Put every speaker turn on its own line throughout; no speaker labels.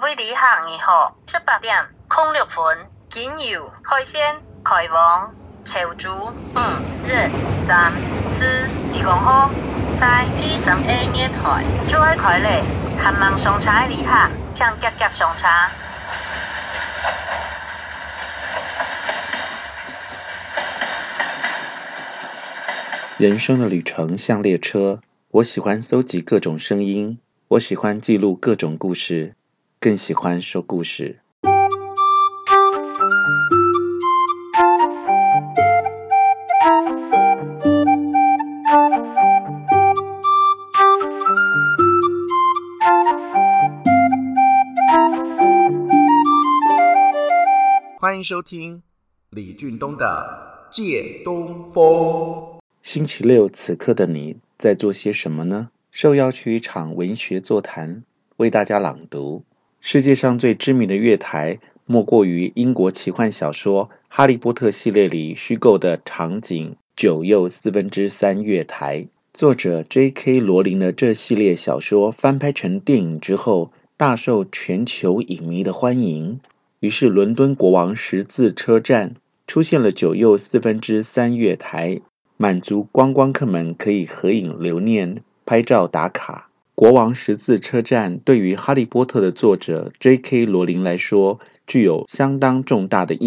八點，空六海鮮，開往五、三、提供好，在 A 最快上車，旅客，請上車。人生的旅程像列車，我喜歡蒐集各種聲音，我喜歡記錄各種故事。更喜歡說故事。歡迎收聽李俊東的《借東風》。星期六此刻的你在做些什麼呢？受邀去一場文學座談，為大家朗讀。世界上最知名的月台，莫過於英國奇幻小說《哈利波特》系列裡虛構的場景——九又四分之三月台。作者 J.K. 羅琳的這系列小說翻拍成電影之後，大受全球影迷的歡迎。於是，倫敦國王十字車站出現了九又四分之三月台，滿足觀光客們可以合影留念、拍照打卡。國王十字車站對於《哈利波特》的作者 J.K. 羅琳來說具有相當重大的意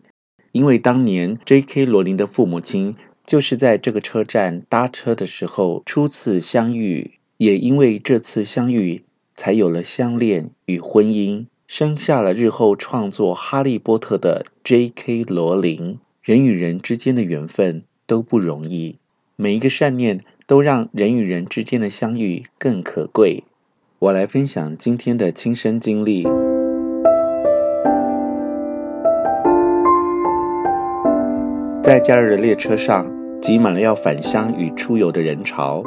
義，因為當年 J.K. 羅琳的父母親就是在這個車站搭車的時候初次相遇，也因為這次相遇才有了相戀與婚姻，生下了日後創作《哈利波特》的 J.K. 羅琳。人與人之間的緣分都不容易，每一個善念。都讓人與人之間的相遇更可貴。我來分享今天的親身經歷。在假日的列車上，擠滿了要返鄉與出遊的人潮。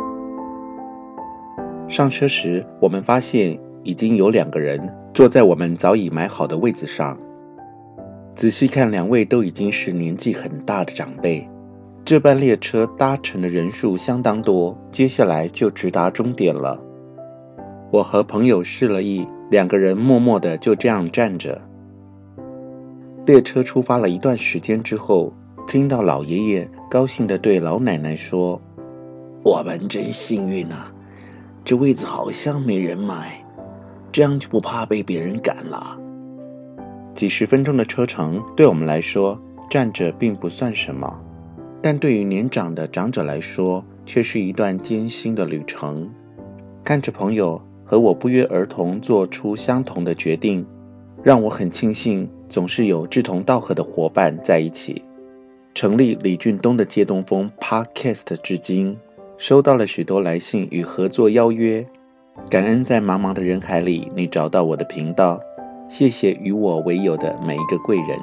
上車時，我們發現已經有兩個人坐在我們早已買好的位子上。仔細看，兩位都已經是年紀很大的長輩。這班列車搭乘的人數相當多，接下來就直達終點了。我和朋友示了意，兩個人默默地就這樣站着。列車出發了一段時間之後，聽到老爺爺高興地對老奶奶說：“我們真幸運啊，這位子好像沒人買，這樣就不怕被別人趕了。”幾十分鐘的車程對我們來說，站着並不算什麼。但對於年長的長者來說，卻是一段艱辛的旅程。看着朋友和我不約而同做出相同的決定，讓我很慶幸總是有志同道合的夥伴在一起。成立李俊東的借東風 Podcast 至今，收到了許多來信與合作邀約，感恩在茫茫的人海裡你找到我的頻道。謝謝與我為友的每一個貴人。